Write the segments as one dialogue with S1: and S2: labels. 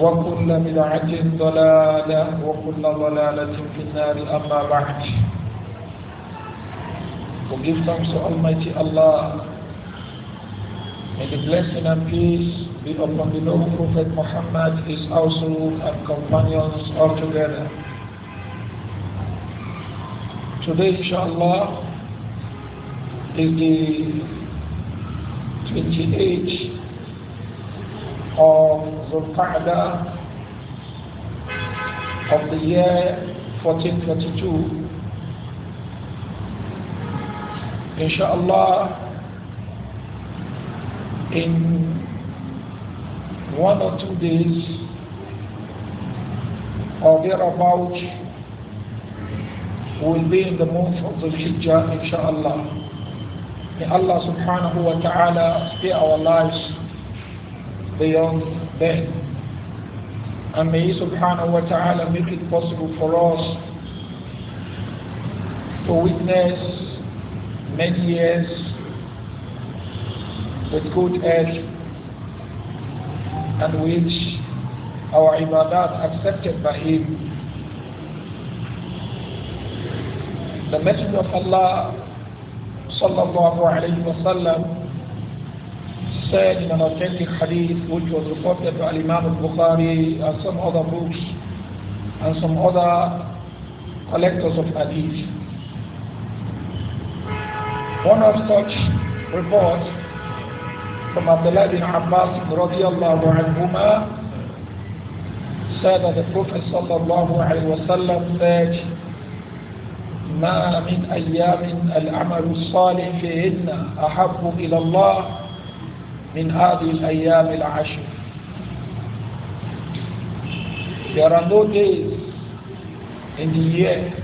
S1: وكل بدعة ضلالة وكل ضلالة في النار أما بعد We give thanks to Almighty Allah. May the blessing and peace be upon the noble Prophet Muhammad, his household and companions all together. Today, inshallah, is the 28th of Zulqa'dah of the year 1442. Inshallah, in one or two days or thereabout, will be in the month of Zulhijjah, Hijjah, inshallah. May Allah subhanahu wa ta'ala spare our lives Beyond young And may subhanahu wa ta'ala make it possible for us to witness many years with good health and which our ibadat accepted by Him. The Messenger of Allah sallallahu alayhi wa sallam said in an authentic hadith which was reported by Imam al-Bukhari and some other books and some other collectors of hadith. One of such reports from Abdullah bin Abbas radiallahu anhuma said that the Prophet sallallahu alayhi wa sallam said ما من أيام العمل الصالح فيهن أحب إلى الله من هذه الأيام العشر There are no days in the year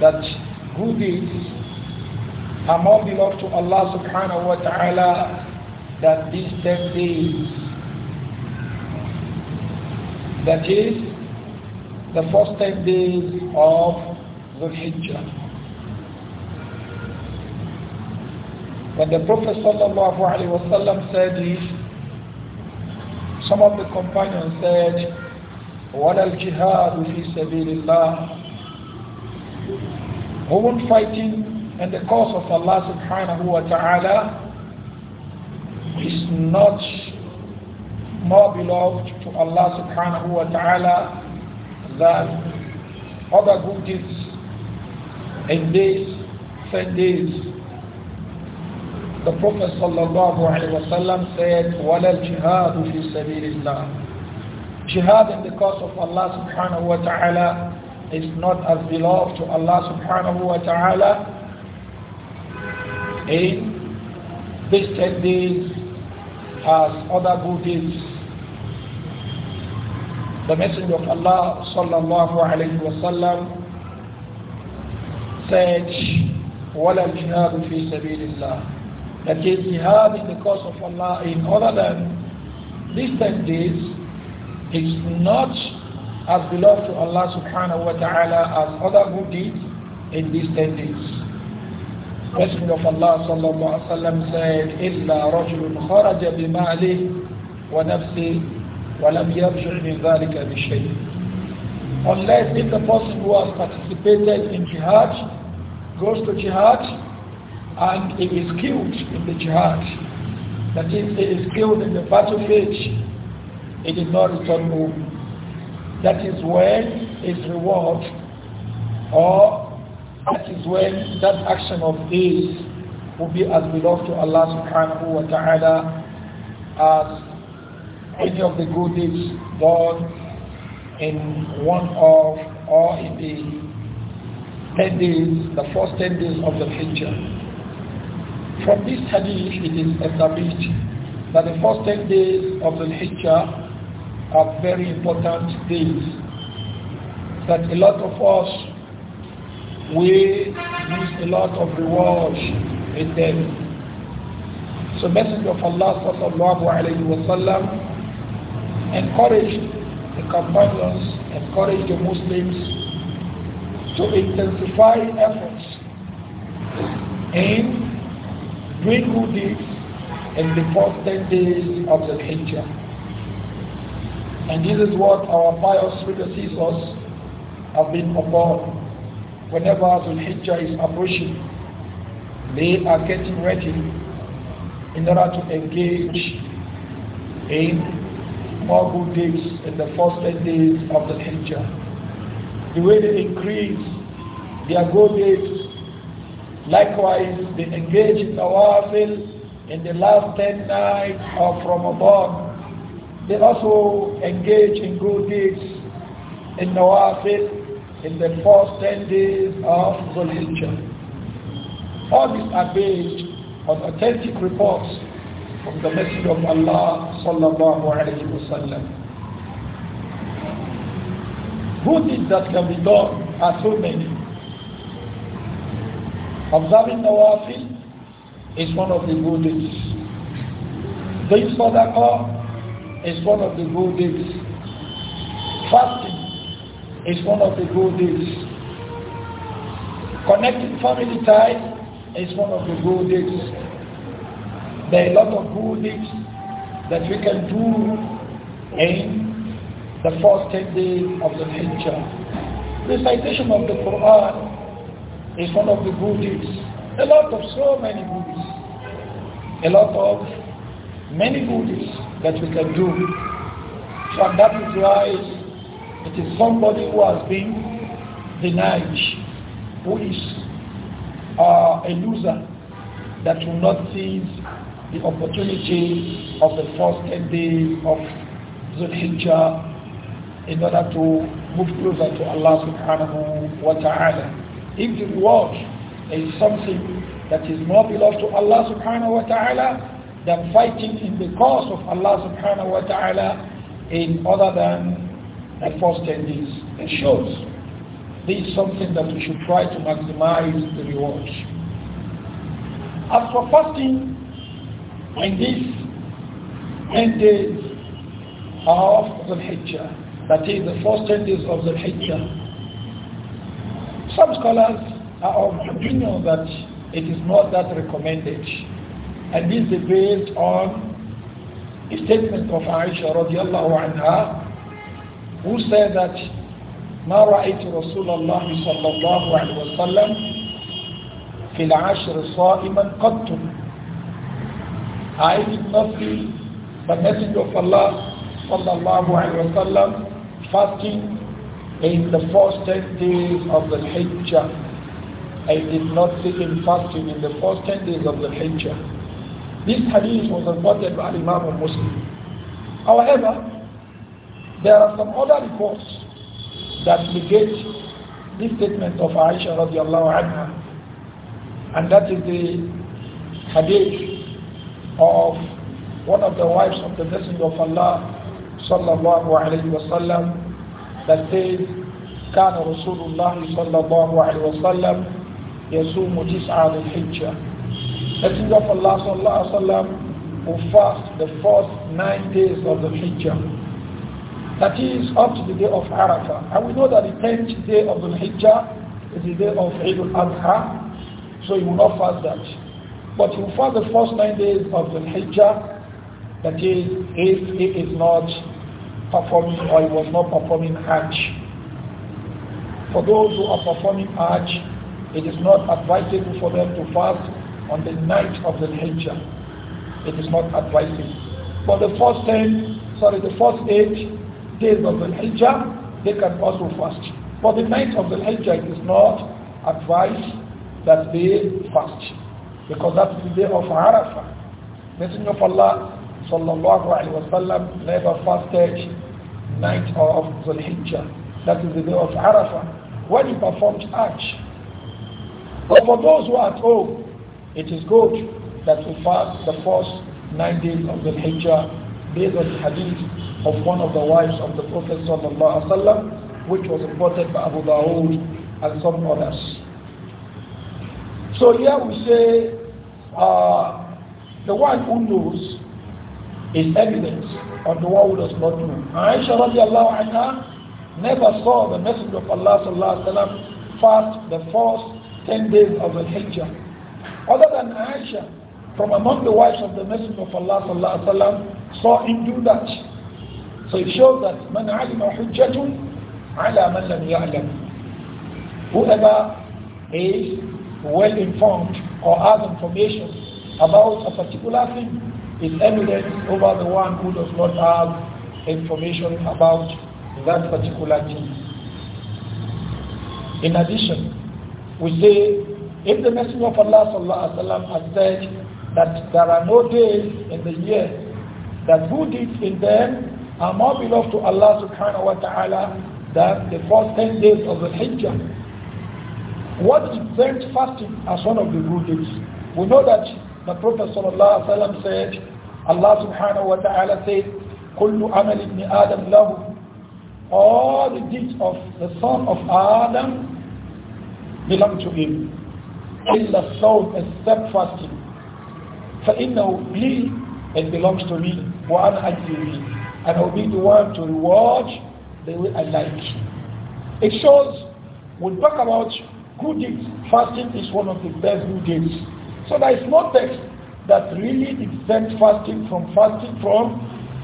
S1: that good deeds are more beloved to Allah subhanahu wa ta'ala than these 10 days. That is the first 10 days of the Hijjah. When the Prophet وسلم said this. Some of the companions said, وَلَا الْجِهَادُ فِي سَبِيلِ اللَّهِ Women fighting in the cause of Allah subhanahu wa ta'ala is not more beloved to Allah subhanahu wa ta'ala than other good deeds in days, ten days, the Prophet ﷺ said, وَلَا الْجِهَادُ فِي سَبِيلِ اللَّهِ Jihad in the cause of Allah subhanahu wa ta'ala is not as beloved to Allah subhanahu wa ta'ala in these days as other good deeds. The Messenger of Allah sallallahu alaihi wasallam said, وَلَا الْجِهَادُ فِي سَبِيلِ اللَّهِ that is jihad in the cause of Allah in other than these 10 days is not as beloved to Allah subhanahu wa ta'ala as other good deeds in these 10 days. Messenger of Allah sallallahu alaihi wasallam said, إِلَّا رَجُلٌ خَرَجَ بِمَالِهِ وَنَفْسِهِ وَلَمْ يَرْجُعْ مِنْ ذَلِكَ بِشَيْءٍ Unless if the person who has participated in jihad goes to jihad and he is killed in the jihad. That is, he is killed in the battlefield, he did not return home. That is when his reward or that is when that action of his will be as beloved to Allah subhanahu wa ta'ala as any of the good deeds done in one of or in the 10 days, the first 10 days of the future. From this hadith, it is established that the first 10 days of the Hijjah are very important days. That a lot of us, we lose a lot of rewards in them. So Messenger of Allah sallallahu alayhi wa sallam encouraged the companions, encouraged the Muslims to intensify efforts in we do deeds in the first 10 days of the Hijjah. And this is what our pious predecessors have been upon. Whenever the Hijjah is approaching, they are getting ready in order to engage in more good deeds in the first 10 days of the Hijjah. The way they increase their goal dates Likewise, they engage in Nawafil in the last 10 nights of Ramadan. They also engage in good deeds in Nawafil in the first 10 days of the Zulhijjah. All these are based on authentic reports from the Messenger of Allah sallallahu alayhi wa Good deeds that can be done are so many. Observing Nawafil is one of the good deeds. Doing Sadaqah is one of the good deeds. Fasting is one of the good deeds. Connecting family ties is one of the good deeds. There are a lot of good deeds that we can do in the first 10 days of the Hijjah. Recitation of the Quran is one of the Buddhists. A lot of so many Buddhists. A lot of many Buddhists that we can do. So that is why it is somebody who has been denied, who is uh, a loser that will not seize the opportunity of the first 10 days of Zulhijjah in order to move closer to Allah subhanahu wa ta'ala. If the reward is something that is more beloved to Allah subhanahu wa ta'ala than fighting in the cause of Allah subhanahu wa ta'ala in other than the first days. shows this is something that we should try to maximize the rewards. As for fasting in these 10 days of the Hijjah, that is the first 10 days of the Hijjah, some scholars are of opinion that it is not that recommended. And this is based on a statement of Aisha radiallahu anha who said that ما رأيت رسول الله صلى الله عليه وسلم في العشر صائما قط I did not see the Messenger of Allah صلى الله عليه وسلم fasting in the first 10 days of the Hijjah. I did not sit in fasting in the first 10 days of the Hijjah. This hadith was reported by Imam Muslim. However, there are some other reports that negate this statement of Aisha radiallahu anha, and that is the hadith of one of the wives of the Messenger of Allah sallallahu alayhi wa sallam that says, كان رسول الله صلى الله عليه وسلم يصوم تسعة الحجة. Messenger of Allah صلى الله عليه وسلم will fast the first nine days of the Hijjah. That is up to the day of Arafah. And we know that the tenth day of the Hijjah is the day of Eid al-Adha, so you will not fast that. But you will fast the first nine days of the Hijjah, that is, if it is not performing or he was not performing Hajj. For those who are performing Hajj, it is not advisable for them to fast on the night of the Hijjah. It is not advisable. For the first ten, sorry, the first eight days of the Hijjah, they can also fast. For the night of the Hijjah, it is not advised that they fast. Because that's the day of Arafah. Messenger of Allah sallallahu alaihi wasallam never fasted night of Zulhijjah. That is the day of Arafah, when he performed Hajj. But for those who are at home, it is good that we fast the first nine days of Zulhijjah based on the hadith of one of the wives of the Prophet sallallahu alaihi wasallam, which was reported by Abu Dawood and some others. So here we say uh, the one who knows is evidence of the one who does not know. Aisha radiallahu anha never saw the Messenger of Allah sallallahu alayhi wa sallam fast the first 10 days of the Hijjah. Other than Aisha, from among the wives of the Messenger of Allah sallallahu alayhi wa sallam, saw him do that. So it shows that man alima hujjatun ala man lam ya'lam. Whoever is well informed or has information about a particular thing is evidence over the one who does not have information about that particular thing. In addition, we say if the Messenger of Allah sallallahu has said that there are no days in the year that good deeds in them are more beloved to Allah subhanahu wa ta'ala than the first 10 days of the Hijjah. What is burnt fasting as one of the good deeds? We know that the Prophet ﷺ said Allah subhanahu wa ta'ala says, كل عمل ابن آدم له All the deeds of the son of Adam belong to him. إلا الصوم except fasting. فإنه لي it belongs to me وأنا أجزي به and I'll be the one to reward the way I like. It shows we talk about good deeds. Fasting is one of the best good deeds. So there is no text that really exempt fasting from fasting from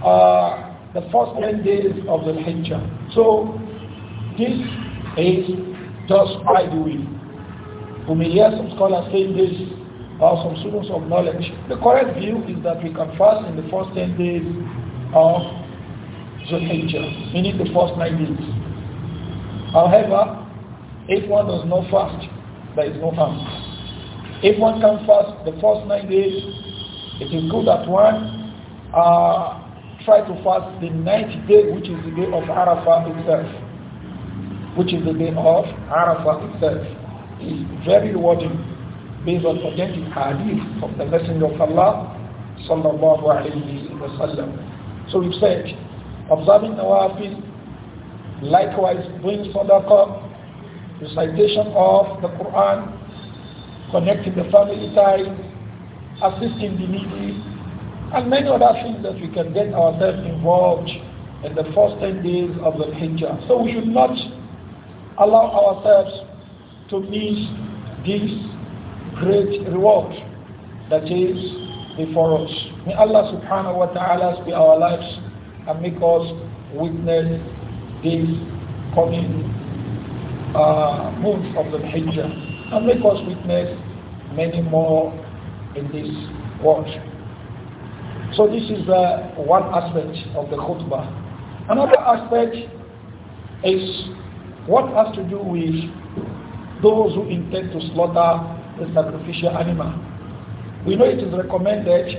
S1: uh, the first 10 days of the Hajj. So this is just by the way. We may hear some scholars saying this or some students of knowledge. The correct view is that we can fast in the first 10 days of the We meaning the first 9 days. However, if one does not fast, there is no harm. If one can fast the first nine days, it is good that one uh, try to fast the ninth day, which is the day of Arafah itself. Which is the day of Arafah itself. It's very rewarding based on authentic hadith from the Messenger of Allah sallallahu alayhi wa So we said, observing Nawafil, likewise doing the recitation of the Quran, connecting the family ties, assisting the needy, and many other things that we can get ourselves involved in the first 10 days of the Hijjah. So we should not allow ourselves to miss this great reward that is before us. May Allah subhanahu wa ta'ala be our lives and make us witness this coming uh, month of the Hijjah and make us witness many more in this world. So this is uh, one aspect of the khutbah. Another aspect is what has to do with those who intend to slaughter the sacrificial animal. We know it is recommended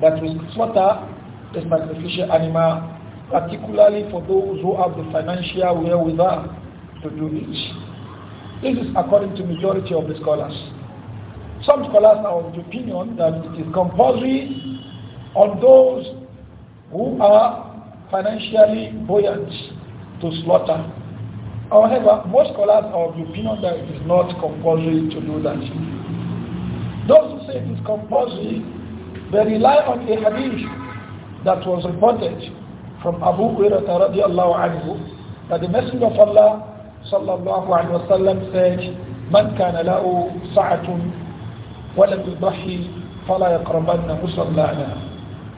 S1: that we slaughter the sacrificial animal, particularly for those who have the financial wherewithal to do it. This is according to majority of the scholars. Some scholars are of the opinion that it is compulsory on those who are financially buoyant to slaughter. However, most scholars are of the opinion that it is not compulsory to do that. Those who say it is compulsory, they rely on a hadith that was reported from Abu Hurairah radiallahu anhu that the Messenger of Allah sallallahu alaihi wasallam said, "Man kana lahu sa'atun wa lam yudahi fala yaqrabanna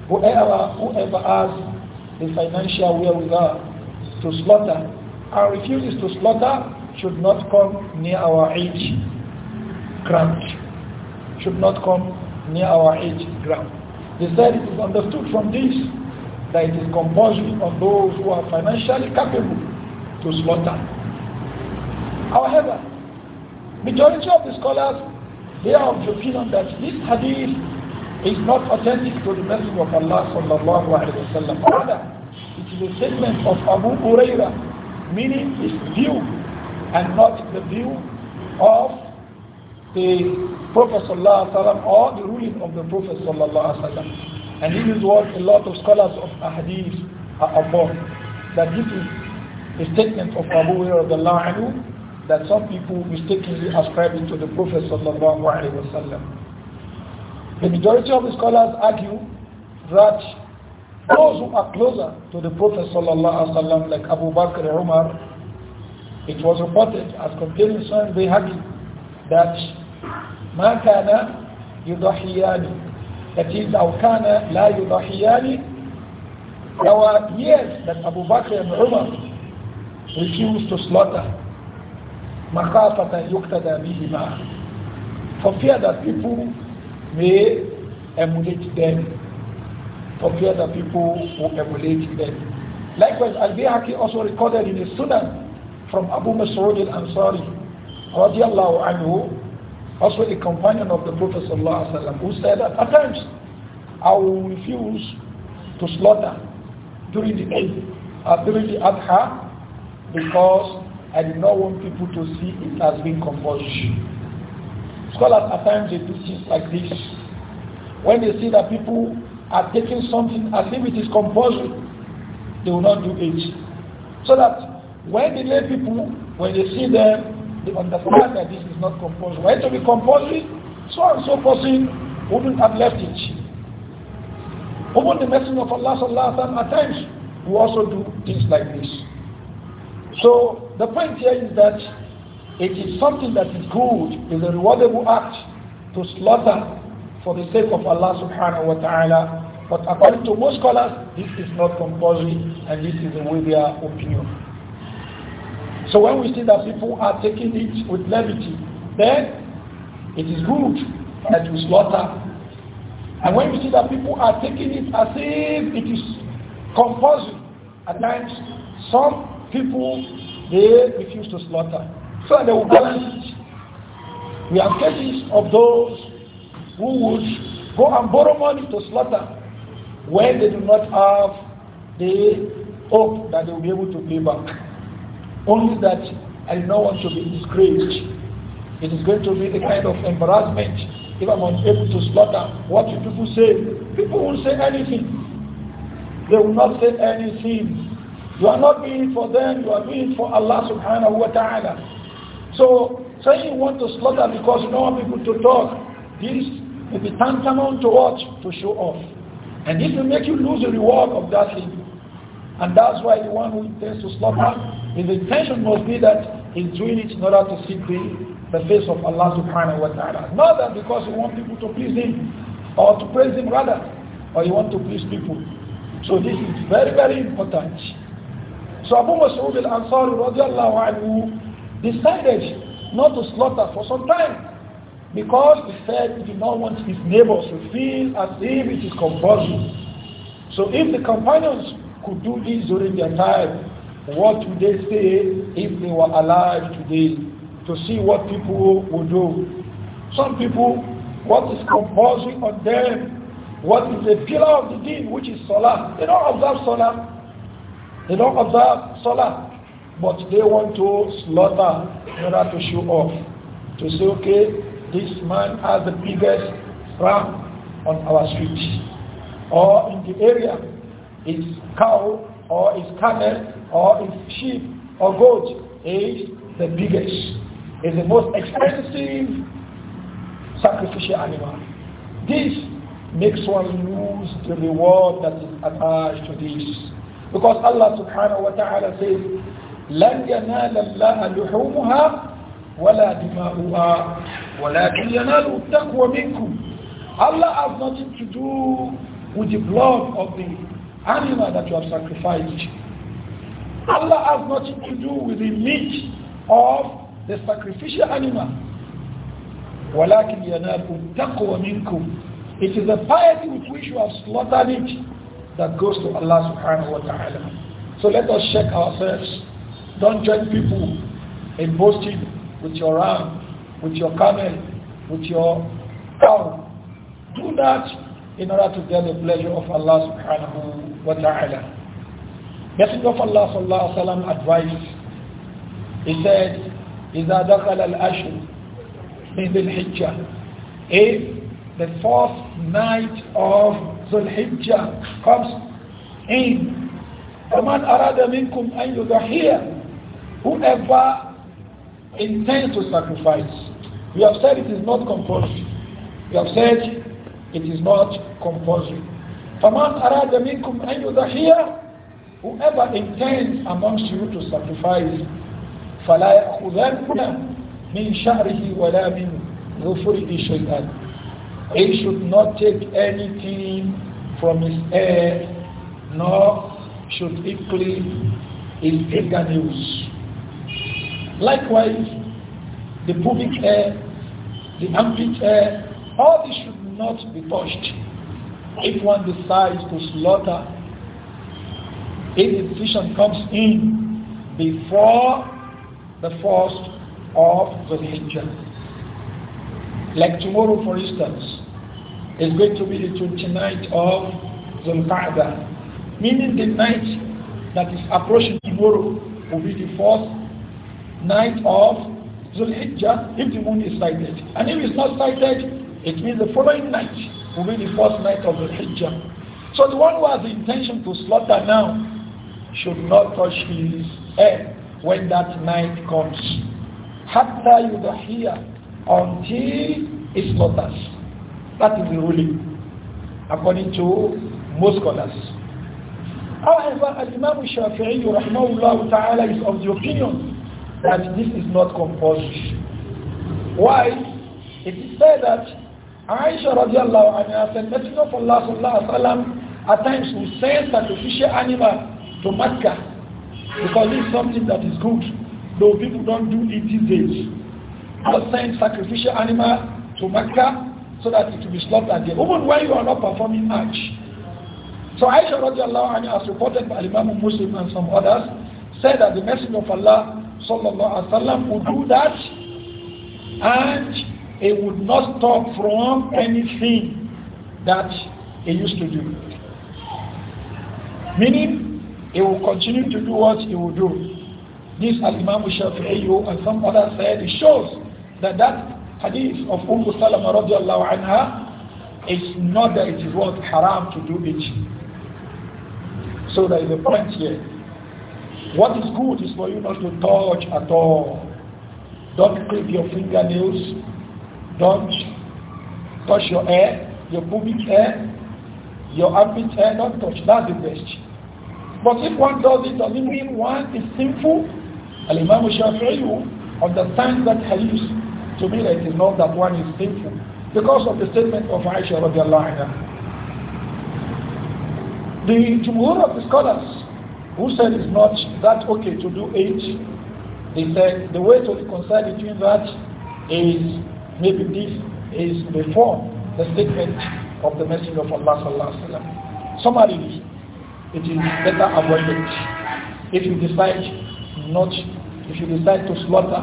S1: Whoever whoever has the financial wherewithal to slaughter and refuses to slaughter should not come near our age ground. Should not come near our age ground. They said it is understood from this that it is compulsory on those who are financially capable to slaughter. However, majority of the scholars, they are of the opinion that this hadith is not authentic to the Messenger of Allah sallallahu alayhi wa Rather, it is a statement of Abu Huraira, meaning his view and not the view of the Prophet sallallahu Alaihi Wasallam or the ruling of the Prophet sallallahu Alaihi Wasallam. And this is what a lot of scholars of hadith are about. that this is a statement of Abu Huraira that some people mistakenly ascribe it to the Prophet The majority of the scholars argue that those who are closer to the Prophet like Abu Bakr and Umar, it was reported as containing Sahih Bayhaqi that ما كان يضحيان that is أو كان لا يضحيان There were years that Abu Bakr and Umar refused to slaughter for fear that people may emulate them for fear that people will emulate them likewise Al-Bihaki also recorded in his Sunan from Abu Mas'ud al-Ansari radiallahu anhu also a companion of the Prophet sallallahu Alaihi Wasallam, who said that at times I will refuse to slaughter during the Eid, uh, during the Adha because I did not want people to see it as being compulsory. Scholars at times they do things like this. When they see that people are taking something as if it is compulsory, they will not do it. So that when the lay people, when they see them, they understand that this is not compulsory. When to be compulsory, so and so person wouldn't have left it. Even the Messenger of Allah sallallahu at times we also do things like this. So the point here is that it is something that is good, is a rewardable act to slaughter for the sake of Allah subhanahu wa ta'ala. But according to most scholars, this is not compulsory and this is a way their opinion. So when we see that people are taking it with levity, then it is good that we slaughter. And when we see that people are taking it as if it is compulsory, at times some people, they refuse to slaughter. So they will balance We have cases of those who would go and borrow money to slaughter when they do not have the hope that they will be able to pay back. Only that I do not want to be disgraced. It is going to be the kind of embarrassment if I'm unable to slaughter. What do people say? People won't say anything. They will not say anything you are not doing it for them, you are doing it for Allah subhanahu wa ta'ala. So say you want to slaughter because you don't want people to talk, this will be tantamount to what? To show off. And this will make you lose the reward of that thing. And that's why the one who intends to slaughter, his intention must be that he's doing it in order to seek the, the face of Allah subhanahu wa ta'ala. Not that because you want people to please him, or to praise him rather, or you want to please people. So this is very, very important. So Abu Mas'ud al-Ansari radiallahu anhu decided not to slaughter for some time because he said he did not want his neighbors to feel as if it is compulsory. So if the companions could do this during their time, what would they say if they were alive today to see what people would do? Some people, what is compulsory on them, what is the pillar of the deen, which is Salah, they don't observe Salah. They don't observe Salah, but they want to slaughter in order to show off. To say, okay, this man has the biggest ram on our street. Or in the area, his cow, or his camel, or his sheep, or goat is the biggest, is the most expensive sacrificial animal. This makes one lose the reward that is attached to this. Because Allah subhanahu wa ta'ala says, لَنْ يَنَالَ اللَّهَ لُحُومُهَا وَلَا دِمَاؤُهَا وَلَكِنْ يَنَالُ التَّقْوَى مِنْكُمْ Allah has nothing to do with the blood of the animal that you have sacrificed. Allah has nothing to do with the meat of the sacrificial animal. وَلَكِنْ يَنَالُ التَّقْوَى مِنْكُمْ It is the piety with which you have slaughtered it that goes to Allah subhanahu wa ta'ala. So let us check ourselves. Don't join people in boasting with your ram, with your camel, with your cow. Do that in order to get the pleasure of Allah subhanahu wa ta'ala. Messenger of Allah sallallahu alaihi wasallam advised. He said, إذا دخل الأشهر من ذي الحجة If the fourth night of ذو الحجة خمسة عيد فمن أراد منكم أن يضحي whoever intends to sacrifice we have said it is not compulsory we have said it is not compulsory فمن أراد منكم أن يضحي whoever intends amongst you to sacrifice فلا يأخذن من شعره ولا من ظفره شيئا He should not take anything from his air, nor should he clean his fingernails. Likewise, the pubic hair, the armpit hair, all this should not be touched. If one decides to slaughter, a decision comes in before the first of the Hijjah. Like tomorrow, for instance, is going to be the 29th of Zulqa'dah, meaning the night that is approaching tomorrow will be the fourth night of Zulhijjah if the moon is sighted. And if it's not sighted, it means the following night will be the fourth night of Zulhijjah. So the one who has the intention to slaughter now should not touch his head when that night comes. Hatta yudahiyah until it slaughters. That is the ruling, according to most scholars. However, Imam Shafi'i rahmahullah ta'ala is of the opinion that this is not compulsory. Why? It is said that Aisha radiallahu anha said, Messenger of Allah sallallahu alayhi wa at times we send sacrificial animal to Mecca because it's something that is good, though people don't do it these days. But send sacrificial animal to Mecca so that it will be slaughtered again, even when you are not performing much. So Aisha radiallahu anha, as reported by Imam Muslim and some others, said that the Messenger of Allah sallallahu alaihi wasallam would do that and he would not stop from anything that he used to do. Meaning, he will continue to do what he will do. This, as Imam Shafi'i and some others said, it shows that that hadith of Umm Salama radiallahu anha, it's not that it is what haram to do it. So there is a point here. What is good is for you not to touch at all. Don't clip your fingernails. Don't touch your hair, your pubic hair, your armpit hair. Don't touch. That's the best. But if one does it, doesn't mean one is sinful. Al-Imam Shafi'i understands that hadith to me, it is not that one is sinful because of the statement of Aisha radiallahu anha. The jumhur of the scholars who said it's not that okay to do it, they said the way to reconcile between that is maybe this is before the statement of the Messenger of Allah sallallahu alaihi it is better avoid it if you decide not, if you decide to slaughter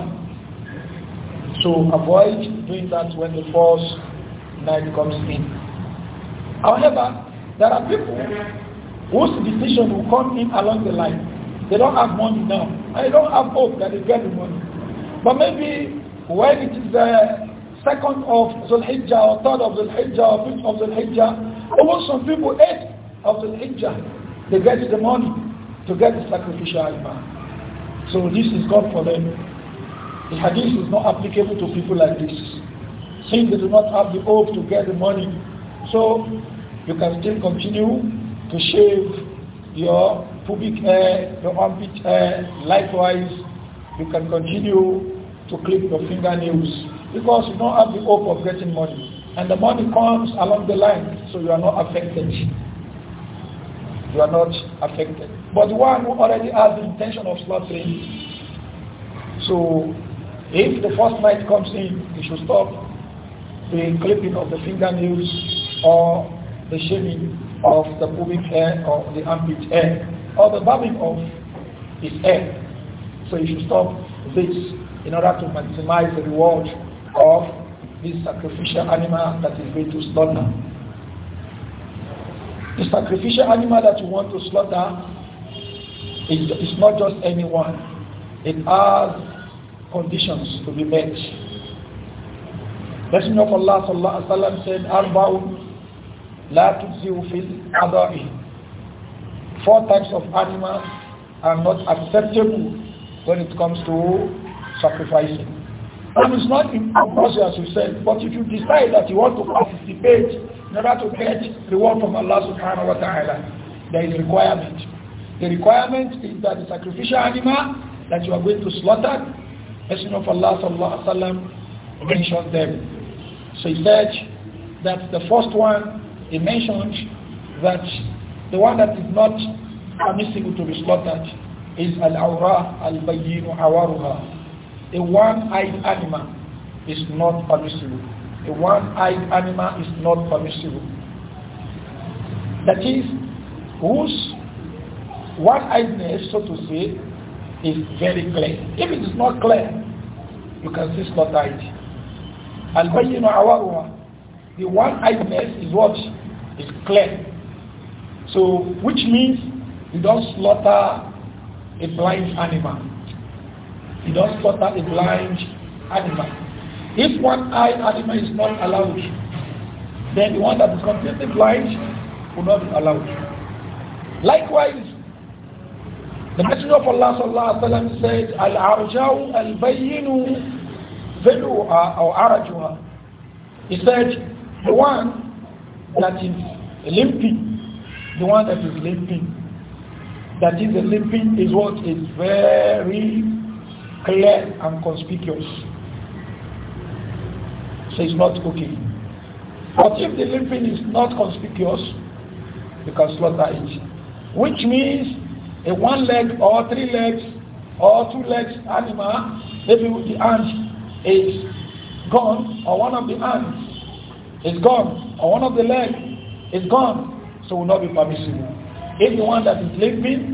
S1: to avoid doing that when the false night comes in. However, there are people whose decision will come in along the line. They don't have money now. I don't have hope that they get the money. But maybe when it is the second of Zulhijjah or third of Zulhijjah or fifth of Zulhijjah, or some people eighth of Zulhijjah, they get the money to get the sacrificial animal. So this is God for them the hadith is not applicable to people like this. Since they do not have the hope to get the money, so you can still continue to shave your pubic hair, your armpit hair. Likewise, you can continue to clip your fingernails because you don't have the hope of getting money. And the money comes along the line, so you are not affected. You are not affected. But one who already has the intention of slaughtering, so if the first light comes in, you should stop the clipping of the fingernails or the shaving of the pubic hair or the armpit hair or the barbing of his hair. So you should stop this in order to maximize the reward of this sacrificial animal that is going to slaughter. The sacrificial animal that you want to slaughter is, is not just anyone. It has conditions to be met. Messenger of Allah sallallahu alaihi wasallam said, "Arba'un la fil Four types of animals are not acceptable when it comes to sacrificing. And it's not impossible as you said, but if you decide that you want to participate in order to get reward from Allah subhanahu wa ta'ala, there is a requirement. The requirement is that the sacrificial animal that you are going to slaughter Messenger of Allah sallallahu alaihi wasallam mentioned them. So he said that the first one he mentioned that the one that is not permissible to be slaughtered is al-awra al-bayyin awaruha. A one-eyed animal is not permissible. A one-eyed animal is not permissible. That is, whose one-eyedness, so to say, is very clear. If it is not clear, you can see slaughter it. know our one, the one eyedness is what is clear. So, which means you don't slaughter a blind animal. You don't slaughter a blind animal. If one eye animal is not allowed, then the one that is completely blind will not be allowed. Likewise, the Messenger of Allah sallallahu alaihi said, "Al arjau al bayinu velu'a or arajua." He said, "The one that is limping, the one that is limping, that is limping is what is very clear and conspicuous. So it's not okay. But if the limping is not conspicuous, you can slaughter it, which means a one leg or three legs or two legs animal, maybe with the ant is gone or one of the ants is gone or one of the legs is gone, so will not be permissible. Anyone one that is sleeping,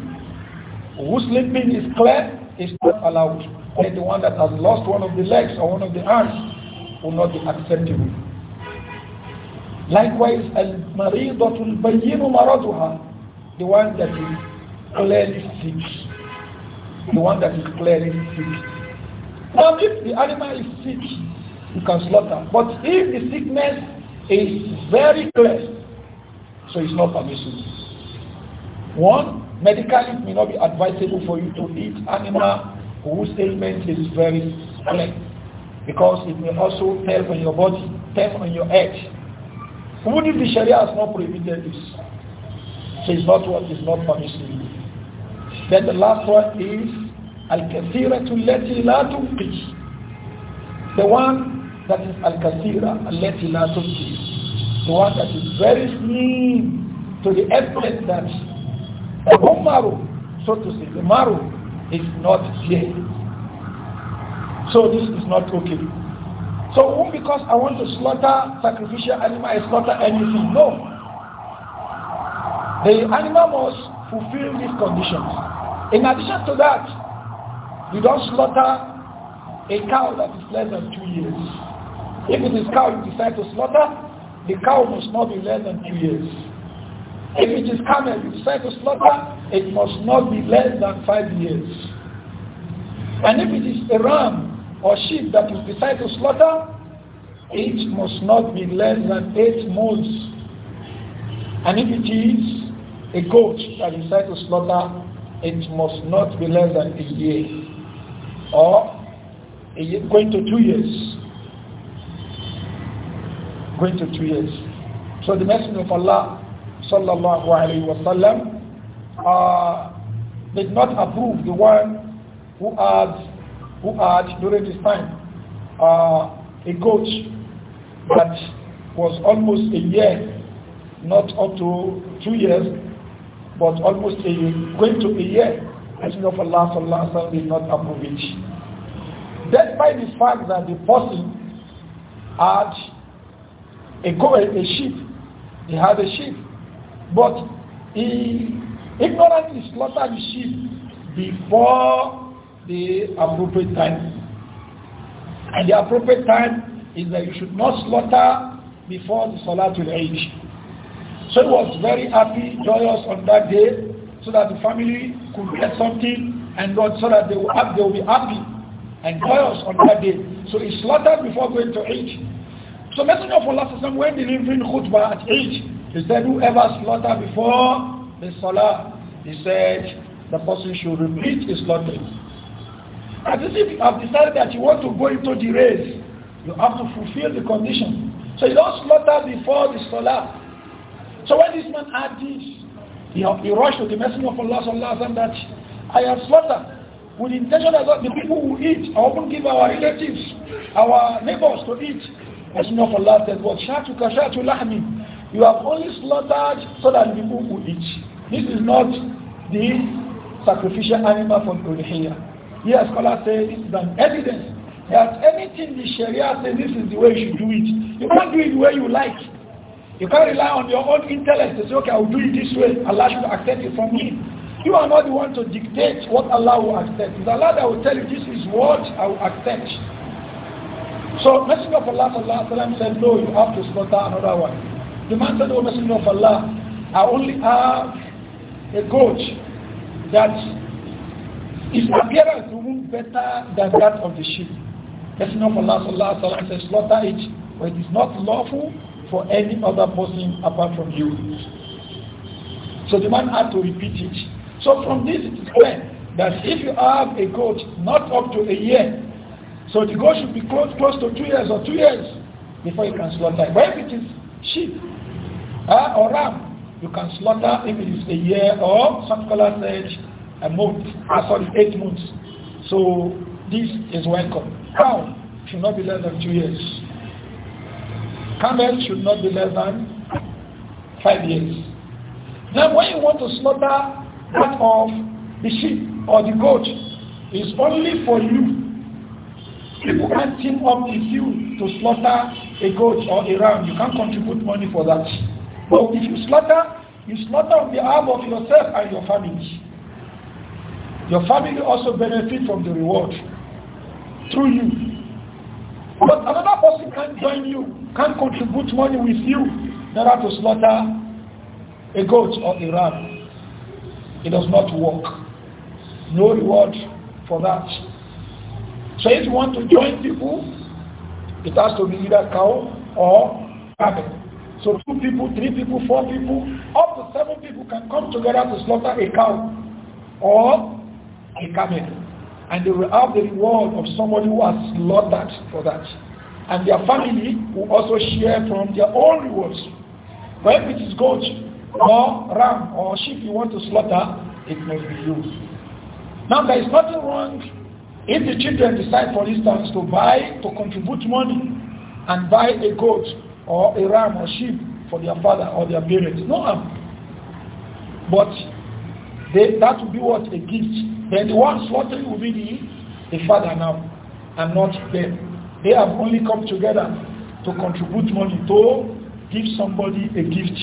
S1: whose sleeping is clear, is not allowed. Only the one that has lost one of the legs or one of the arms will not be acceptable. Likewise, al-maridatul bayyinu maraduha, the one that is clearly sick. The one that is clearly sick. Now, if the animal is sick, you can slaughter. But if the sickness is very clear, so it's not permissible. One, medically, it may not be advisable for you to eat animal whose ailment is very clear because it may also tell on your body, tell on your edge. Even if the Sharia has not prohibited this, so it's not what is not permissible. Then the last one is Al-Kathiratu tulati La Tunqi. The one that is Al-Kathira Lati La Tunqi. The one that is very slim to the extent that the Maru, so to say, the Maru is not here. So this is not okay. So will because I want to slaughter sacrificial animal, I slaughter anything. No. The animal must fulfill these conditions. In addition to that, you don't slaughter a cow that is less than two years. If it is cow you decide to slaughter, the cow must not be less than two years. If it is camel you decide to slaughter, it must not be less than five years. And if it is a ram or sheep that you decide to slaughter, it must not be less than eight months. And if it is a goat that you decide to slaughter, it must not be less than a year or a year, going to two years. Going to two years. So the Messenger of Allah sallallahu alayhi wa sallam uh, did not approve the one who had who had during this time uh, a coach that was almost a year, not up to two years, but almost a, going to a year, think of Allah sallallahu alaihi wasallam did not approve it. Despite the fact that the person had a, a sheep, he had a sheep, but he ignorantly slaughtered the sheep before the appropriate time. And the appropriate time is that you should not slaughter before the Salatul Eid. So he was very happy, joyous on that day, so that the family could get something and not so that they will, have, they will be happy and joyous on that day. So he slaughtered before going to Eid. So Messenger of Allah says, when delivering khutbah at Eid, he said, whoever slaughtered before the salah, he said, the person should repeat his slaughter." As if you have decided that you want to go into the race, you have to fulfill the condition. So you don't slaughter before the salah. So when this man had this, he, he rushed to the messenger of Allah sallallahu alaihi that I have slaughtered with the intention that the people who eat I even give our relatives, our neighbors to eat. Messenger of Allah said, what shatuka shatu lahmi. You have only slaughtered so that people will eat. This is not the sacrificial animal from Udhiyah. Here scholars say this is an evidence that anything the Sharia says this is the way you should do it. You can't do it the way you like. You can't rely on your own intellect to say, okay, I will do it this way. Allah should accept it from me. You are not the one to dictate what Allah will accept. It's Allah that will tell you this is what I will accept. So Messenger of Allah sallallahu said, no, you have to slaughter another one. The man said, oh Messenger of Allah, I only have a goat that its appearance will be better than that of the sheep. Messenger of Allah sallam said, slaughter it, but it is not lawful for any other person apart from you. So the man had to repeat it. So from this it is clear that if you have a goat not up to a year, so the goat should be close, close to two years or two years before you can slaughter it. But if it is sheep uh, or ram, you can slaughter if it is a year or some color said a month, uh, sorry, eight months. So this is welcome. Now, should not be less than two years. Camels should not be less than five years. Now when you want to slaughter that of the sheep or the goat, it's only for you. People can't team up with you to slaughter a goat or a ram. You can't contribute money for that. But if you slaughter, you slaughter on behalf of yourself and your family. Your family also benefit from the reward through you. But another person can't join you, can't contribute money with you in order to slaughter a goat or a ram. It does not work. No reward for that. So if you want to join people, it has to be either cow or rabbit. So two people, three people, four people, up to seven people can come together to slaughter a cow or a camel and they will have the reward of somebody who has slaughtered for that. And their family will also share from their own rewards. But if it is goat or ram or sheep you want to slaughter, it must be used. Now there is nothing wrong if the children decide, for instance, to buy, to contribute money and buy a goat or a ram or sheep for their father or their parents. No harm. But they, that would be what? A gift then the one slaughtering will be the, the father now and not them. They have only come together to contribute money to give somebody a gift.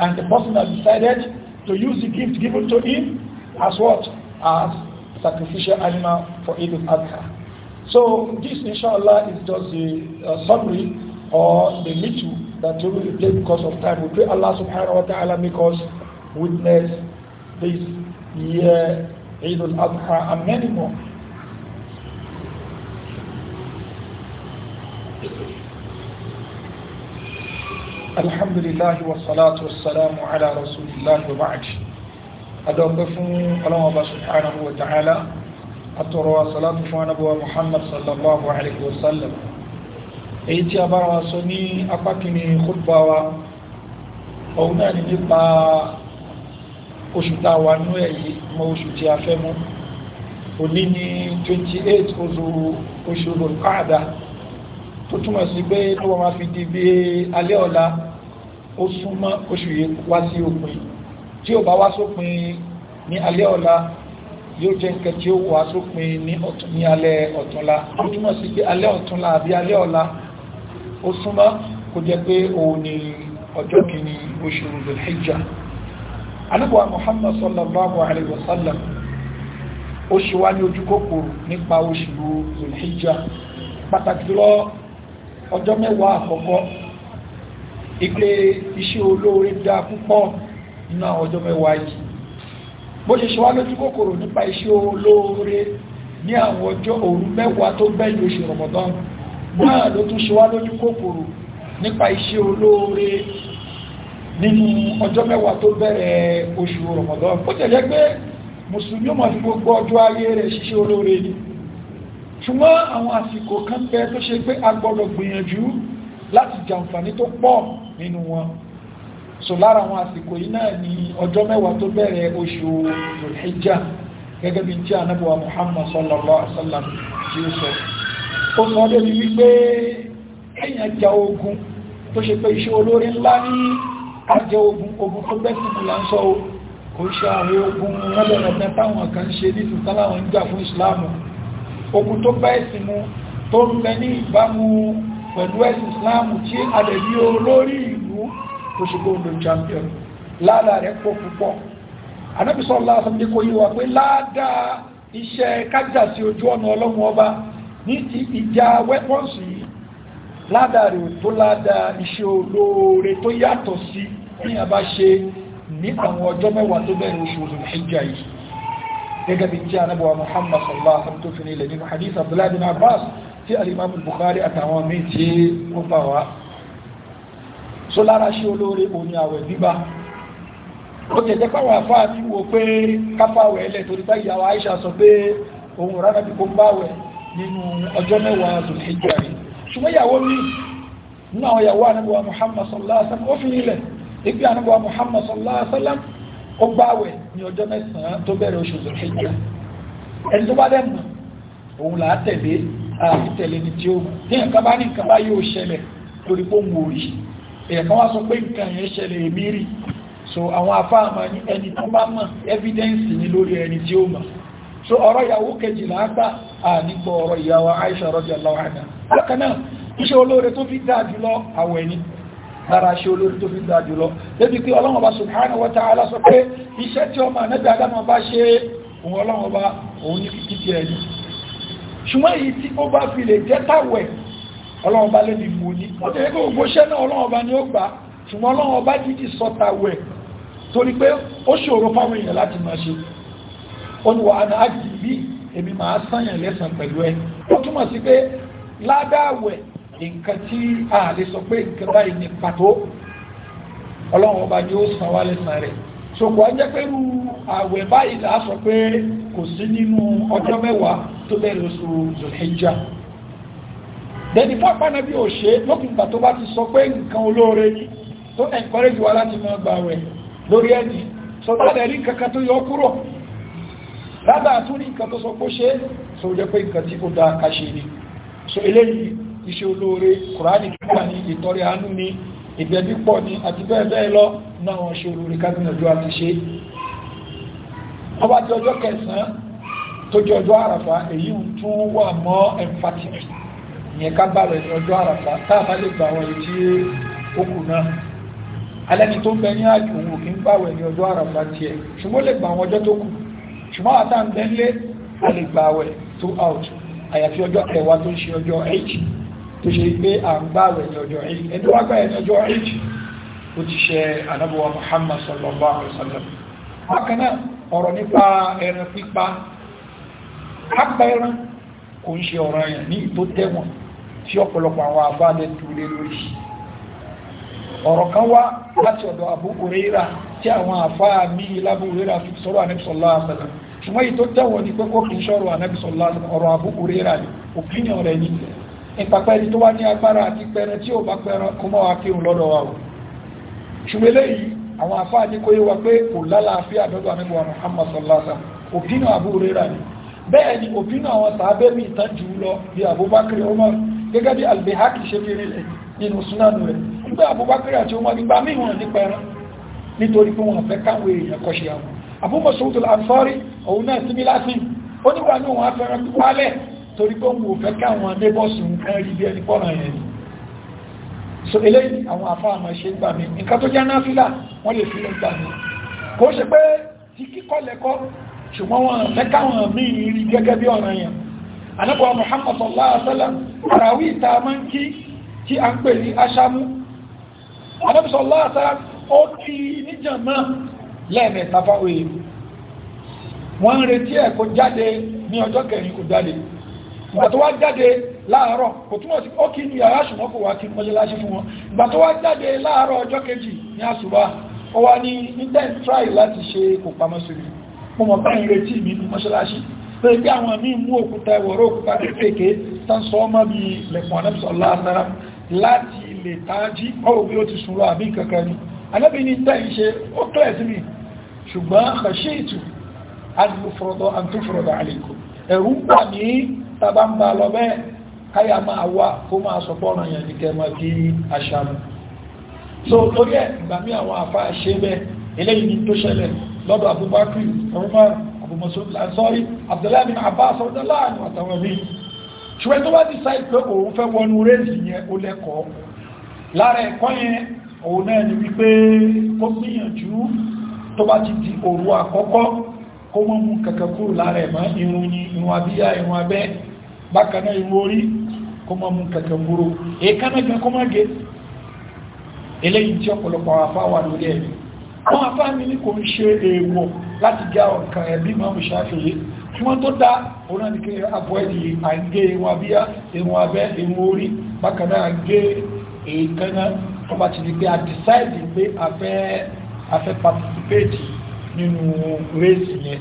S1: And the person has decided to use the gift given to him as what? As sacrificial animal for Eid al-Adha. So this inshallah is just a, uh, summary or the little that we will play because of time. We pray Allah subhanahu wa ta'ala make us witness this year عيد الأضحى adha and الحمد لله والصلاة والسلام على رسول الله وبعد أدوكفون الله سبحانه وتعالى أتروا صلاة أبو محمد صلى الله عليه وسلم èyí a bára wa sọ ní apá oṣù tá a wà nú ẹ̀ yìí mọ oṣù tí a fẹ́ mú òní ní 28 oṣù oṣù olùkọ́àdá tó túmọ̀ sí pé tó wọ́n máa fi di bí alẹ́ ọ̀la ó súnmọ́ oṣù yìí wá sí òpin tí ò bá wá sópin ní alẹ́ ọ̀la yóò jẹ́ nǹkan tí ó wá sópin ní alẹ́ ọ̀túnla tó túmọ̀ sí pé alẹ́ ọ̀túnla àbí alẹ́ ọ̀la ó súnmọ́ kó jẹ́ pé òun ni ọjọ́ kìíní oṣù Dhul anábọ̀wá muhammad sallallahu alayhi wa sallam ó ṣe wá ní ojú kòkòrò nípa oṣù zulhijja pàtàkì lọ ọjọ́ mẹ́wàá àkọ́kọ́ ìpè iṣẹ́ olóore dá púpọ̀ nínú àwọn ọjọ́ mẹ́wàá yìí bó ṣe ṣe wá lójú kòkòrò nípa iṣẹ́ olóore ní àwọn ọjọ́ òru mẹ́wàá tó gbẹ̀yìn oṣù rọ̀mọ̀dán náà ló tún ṣe wá lójú kòkòrò nípa iṣẹ́ olóore nínú ọjọ́ mẹ́wàá tó bẹ̀rẹ̀ oṣù Ramadan ó tẹ̀lé pé mùsùlùmí ọmọ fi gbogbo ọjọ́ ayé rẹ̀ ṣiṣẹ́ olóore ni ṣùgbọ́n àwọn àsìkò kan pẹ tó ṣe pé a gbọ́dọ̀ gbìyànjú láti jàǹfààní tó pọ̀ nínú wọn so lára àwọn àsìkò yìí náà ni ọjọ́ mẹ́wàá tó bẹ̀rẹ̀ oṣù Zulhijjah gẹ́gẹ́ bí tí anábọ̀wà Muhammad sallallahu alaihi wasallam tí ó sọ ó sọ débi wípé èèyàn ja ogun tó ṣe pé kájẹ ogun ogun tó gbẹ́sìn mú là ń sọ kò ṣe àwọn ogun rẹ́lẹ̀rẹ̀mẹ́ táwọn kan ṣe nítù táwọn ń jà fún ìsìláàmù ogun tó gbẹ́sìn mú tó ń bẹ ní ìbámu pẹ̀lú ẹ̀sìn ìsìláàmù tí a lè olórí ìlú tó ṣe champion lára rẹ̀ pọ̀ púpọ̀ anábìsọ̀ lásán ní kò yí wa pé ládàá iṣẹ́ kájà sí ojú ọ̀nà ọlọ́run ọba ní ládàrí tó ládà iṣẹ́ olóore tó yàtọ̀ sí ní àbá ṣe ní àwọn ọjọ́ mẹ́wàá tó bẹ̀rẹ̀ oṣù dhul Muhammad sallallahu alaihi tó fi ní ilẹ̀ nínú hadith Bukhari àtàwọn míì tí ó bá wá so lára ṣe olóore òní àwẹ̀ bíbá ó tẹ̀jẹ́ pàwọ̀ àfáà tí wo pé káfàwẹ̀ ẹlẹ̀ torí bá ṣùgbọ́n ìyàwó mi nínú àwọn ìyàwó anábọ̀wá Muhammad sallallahu alaihi wasallam ó fi ilẹ̀ ìgbé anábọ̀wá Muhammad sallallahu alaihi wasallam ó gbáwẹ̀ ní ọjọ́ mẹ́sàn-án tó bẹ̀rẹ̀ oṣù Zulhijja ẹni tó bá dẹ̀ mọ̀ òun là á tẹ̀lé àti tẹ̀lé ní tí ó mọ̀ tí bá ní nǹkan yóò ṣẹlẹ̀ lórí pé òun ò wá sọ pé nǹkan yẹn ṣẹlẹ̀ èmi rí so àwọn afáàmà ẹni tó bá mọ̀ evidence ní lórí ẹni tí ó mọ̀ so ọ̀rọ̀ ìyàwó kejìlá gbà ànígbọ̀ ọ̀rọ̀ ìyàwó Aisha radiyallahu anha bákanáà iṣẹ́ olóore tó fi dáa jùlọ àwẹ̀ ni lára ṣe olóore tó fi dáa jùlọ débi pé Ọlọ́hun Ọba subhanahu wa ta'ala sọ pé ẹni ṣùgbọ́n ní pé ó ṣòro fáwọn èèyàn láti máa ṣe ó ní wàá náà jì bí èmi máa sànyàn lẹ́sàn pẹ̀lú ẹ ó túmọ̀ sí pé ládàáwẹ̀ nǹkan tí a lè sọ pé nǹkan báyìí ní pàtó ọlọ́run ọba ni ó san wá lẹ́sàn rẹ̀ ṣòkò ajẹ́ pé irú àwẹ̀ báyìí là á sọ pé kò sí nínú ọjọ́ mẹ́wàá tó bẹ̀rẹ̀ oṣù zulhijja dẹni fún àpá nàbí òṣè lókùn ìgbà tó bá ti sọ pé nǹkan olóore ni tó encourage wa láti máa gbà wẹ̀ lórí ẹni sọ bá kankan tó yọ kúrò dáadáa tún ní nǹkan tó sọ pé ṣe so jẹ́ pé nǹkan tí ó dá kaṣe ni so eléyìí iṣẹ́ olóore kùránì kíkà ní ìtọ́rẹ àánú ni ìbẹ̀bí pọ̀ ní àti bẹ́ẹ̀ bẹ́ẹ̀ lọ náà wọ́n ṣe olóore kágbìyànjú àti ṣe ọba tí ọjọ́ kẹsàn-án tó jẹ́ ọjọ́ àràfà èyí tún wà mọ́ emphatic ìyẹn ká bàrẹ̀ ní ọjọ́ àràfà táàbá lè gbà wọ́n tí ó kù náà alẹ́ni tó ń bẹ ní àjò òun kì ń bàwẹ̀ ní ọjọ́ àràfà tiẹ̀ ṣùgbọ́n lè gbà àwọn ọjọ́ tó kù ṣùgbọ́n àtàǹdẹ́lé a lè gba tó out àyàfi ọjọ́ kẹwàá tó ń ṣe ọjọ́ h tó ṣe pé à ń gbà àwẹ̀ ní ọjọ́ h ẹni wá gbà ẹni ọjọ́ h ó ti ṣe anábọ̀wá Muhammad sallallahu alaihi wasallam bákan náà ọ̀rọ̀ nípa ẹran pípa kápá ẹran kò ń ṣe ọ̀ràn yẹn ní ìtó Abu Hurairah tí àwọn àfáà mí lábúrẹ́ra fi sọ́rọ̀ àníṣọ́lá ṣùgbọ́n èyí tó tẹ̀wọ̀ ni pé kó kí n ṣọ́rọ̀ ànábì sọ̀lá ọ̀rọ̀ àbúkù rírà ní opinion rẹ̀ ní ìpapẹ́ ẹni tó wá ní agbára àti pẹran tí ó bá pẹran kó mọ́ lọ́dọ̀ wa ṣùgbọ́n eléyìí àwọn àfáà ní kó yé pé kò Abu Mas'ud al-Ansari òun náà sími láti ó nígbà ní òun afẹ́ràn wálẹ̀ torí pé òun ò fẹ́ káwọn neighbors nǹkan rí bí ẹni pọ́nà yẹn ni so eléyìí àwọn afáà máa ṣe gbà mí nǹkan tó jẹ́ náfílà wọ́n lè fi lè gbà mí kò ṣe pé ti kíkọ́ lẹ́kọ́ ṣùgbọ́n wọn fẹ́ káwọn míì lẹ́ẹ̀mẹ́ta fáwọn èèyàn wọ́n ń retí ẹ̀ kó jáde ní ọjọ́ kẹrin kó jáde ìgbà tó wá jáde láàárọ̀ kò túnmọ̀ sí ó kí ní yàrá ṣùgbọ́n kò wá kí ní mọ́ṣáláṣí fún wọn ìgbà tó wá jáde láàárọ̀ ọjọ́ kejì ní àṣùbá ó wá ní ní ten try láti ṣe kò pamọ́ sórí mo mọ̀ báyìí retí mi ní mọ́ṣáláṣí pé bí àwọn míì mú òkúta ìwọ̀rọ̀ òkúta kéékèèké tán sọ ọmọ bí lẹ̀kùn anẹ́bùsọ̀lá sára láti lè tàájí ọ̀rọ̀ bí ó ti sùn lọ àbí kankan ni anẹ́bí ní tẹ́ ìṣe ó kílẹ̀ sí mi ṣùgbọ́n ṣàṣẹ ìtù alùfọ́dọ̀ àtúfọ́dọ̀ àlèkò ẹ̀rù ń pà ní tàbá ń bá lọ bẹ́ẹ̀ káyà máa wá kó máa sọpọ́ ọ̀nà yẹn so lórí ẹ̀ ìgbà mí àwọn afá ṣe bẹ́ẹ̀ eléyìí ni tó ṣẹlẹ̀ lọ́dọ̀ Abubakar Umar Abu Mas'ud Al-Ansari Abdullahi bin Abbas ọ̀dọ́lá àwọn àtàwọn míì ṣùgbọ́n tó bá ti lára ẹ̀kọ́ yẹn òun náà ni wípé ó gbìyànjú tó bá ti di òru àkọ́kọ́ kó mọ́ mú kẹ̀kẹ́ kúrò lára ẹ̀mọ́ irun yìí irun abíyá irun abẹ́ bákan náà irun orí kó mọ́ mú kẹ̀kẹ́ kúrò èékánná gan kó má gé eléyìí tí ọ̀pọ̀lọpọ̀ àwọn afá wà lórí ẹ̀mí àwọn afá mi ní kò ń ṣe èèwọ̀ láti já ọ̀kan ẹ̀bí máa mú ṣáfìyé tí wọ́n tó afẹ́ participate nínú réèsì yẹn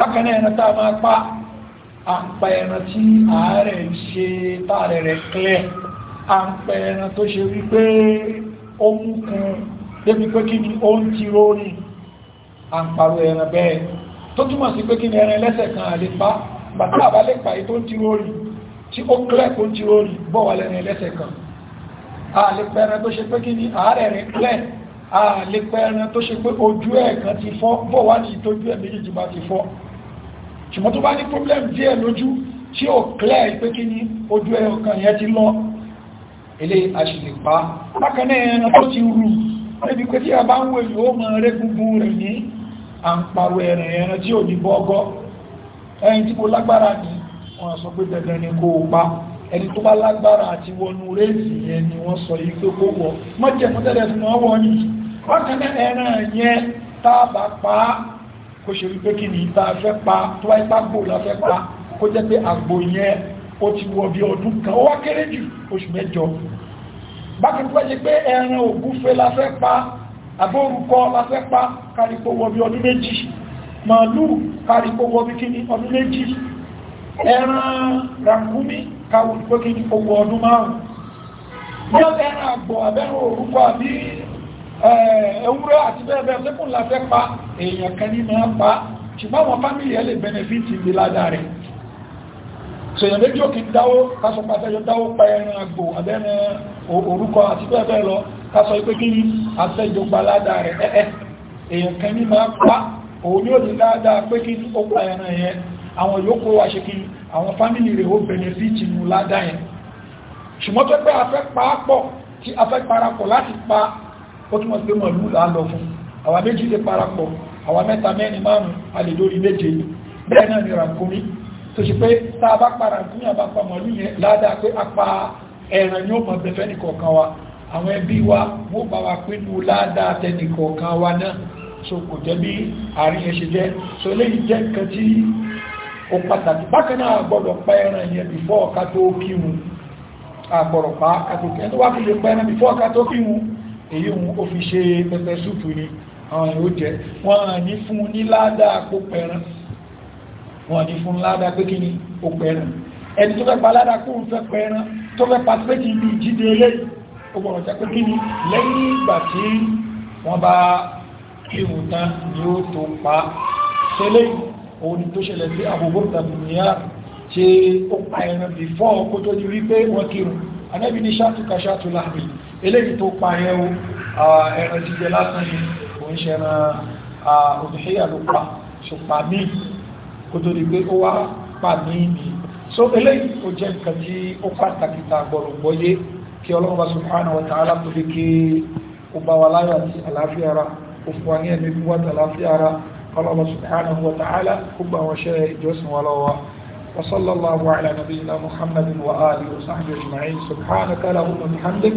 S1: bákan náà ẹran tá a máa pa à ń pa ẹran tí àárẹ̀ ń ṣe táàrẹ̀ rẹ̀ clear à ń pa ẹran tó ṣe wípé ó mú kun débi pé kí ni ó ń ti rórí à ń parọ́ ẹran bẹ́ẹ̀ tó túmọ̀ sí pé kí ni ẹran ẹlẹ́sẹ̀ kan àlè pa bàtà àbálẹ̀ pàyẹ tó ń ti rórí tí ó clear kó ń ti rórí bọ́wọ́ lẹ́nu ẹlẹ́sẹ̀ kan àlè pẹ̀rẹ̀ tó ṣe pé kí ni àárẹ̀ rẹ̀ clear a lè pẹ ẹran tó ṣe pé ojú ẹ̀ kan ti fọ́ bọ́ wá ní ìtọ́jú ẹ̀ méjèèjì bá ti fọ́ ṣùgbọ́n tó bá ní problem díẹ̀ lójú tí ó clear pé kí ni ojú ẹ̀ kan yẹn ti lọ ilé aṣìlèpá bákan náà ẹran tó ti rú níbi pé tí a bá ń wè yóò mọ eré gbogbo rẹ̀ ní à ẹ̀rìn ẹran tí ò ní bọ́gọ́ ẹyin tí mo lágbára ní wọ́n sọ pé dandan ni kó o pa ẹni tó bá lágbára àti wọnú réèzì yẹn ni wọ́n sọ yìí pé kó wọ mọ́jẹ̀mọ́tẹ́rẹ́ fún wọn wọ́n yìí ọ̀kẹ́lẹ́ ẹran yẹn tàbà pa kò ṣe rí pé kí ni ìta fẹ́ pa tó wáyé pa gbò la pa kó jẹ́ pé àgbò yẹn ó ti wọ bí ọdún kan ó wá kéré jù oṣù mẹ́jọ ẹran ògúnfe la pa àbórúkọ la fẹ́ pa kárípò wọ bí ọdún méjì màálù kárípò wọ bí kí ni ọdún méjì ẹran ràkúnmí pé kí ni owó ọdún márùn-ún yóò ẹran àgbò àbẹ́rún òrúkọ àbí Eh, ewúrẹ́ àti bẹ́ẹ̀bẹ́ẹ̀ lẹ́kùn láfẹ́ pa èèyàn kan ní máa pa ṣùgbọ́n àwọn fámílì ẹ lè benefit ìgbé ládàá rẹ̀ sèyàn méjì òkè dáwó kásọ pàtẹ́jọ dáwó pa ẹran àgbò àbẹ́rin orúkọ àti bẹ́ẹ̀bẹ́ẹ̀ lọ kásọ ipé kí ní àtẹ́jọ gba ládàá rẹ̀ ẹ́ẹ́ eh, eh, èèyàn kan ní máa pa òun ní òdí dáadáa pé kí ó pa ẹran yẹn àwọn yòókù wa ṣe kí àwọn fámílì rẹ̀ ó benefit ìmú ládàá yẹn ṣùgbọ́n tó pé pa ó túnmọ̀ sí pé màálù là á lọ fún àwa méjì lè parapọ̀ àwa mẹ́ta mẹ́rin márùn a lè lórí méje bẹ́ẹ̀ náà ni ràkúnmí tó ṣe pé tá a bá pa ràkúnmí àbá pa màálù yẹn ládàá pé a pa ẹran yóò mọ̀ bẹ̀fẹ́ nìkọ̀ọ̀kan wa àwọn ẹbí wa mú bá wa pinnu ládàá tẹnìkọ̀ọ̀kan wa náà so kò jẹ́ bí àárín ṣe jẹ́ so eléyìí jẹ́ nǹkan tí ó pàtàkì bákan náà gbọ́dọ̀ pa ẹran yẹn before ká tó kírun àgbọ̀rọ̀ pa tó wá fi lè pa ẹran before ká tó kírun èyí òun ó fi ṣe pẹpẹ súpù ni àwọn èèyàn ó jẹ wọn à ní fún ní ládàá kó pẹran wọn à ní fún ládàá pé kí ni ó pẹran ẹni tó fẹ́ pa ládàá kó ń fẹ́ pẹran tó fẹ́ pa pé kí ni ìjídé eléyìí ó gbọ́dọ̀ jẹ́ pé kí ni lẹ́yìn ìgbà tí wọ́n bá kírun tán ni ó tó pa ṣẹlẹ̀ òun ni tó ṣẹlẹ̀ sí àbúgbòrò tàbí níyà ṣe ó pa ẹran bìfọ́ kó tó di wípé wọ́n kírun anábì ní ṣáàtúkà ṣáàtú láàrin eléyìí tó pààyàn o ẹran jíjẹ lásán ni kò ń ṣẹran òdìṣẹ́yà ló pa ṣùpá mí kó tó di pé ó wá pa mí ni so eléyìí ó jẹ́ nǹkan tí ó pàtàkì ta gbọ́dọ̀ gbọ́yé kí ọlọ́run bá subhanahu wa ta'ala kò lè ké ó bá wa láyọ̀ àti àlàáfíà ra ó fún wa ní ẹ̀mí fún wa àlàáfíà ra ọlọ́run bá subhanahu wa ta'ala kó gba àwọn iṣẹ́ ìjọsìn wa lọ́wọ́ وصلى الله على نبينا محمد وآله وصحبه أجمعين سبحانك اللهم وبحمدك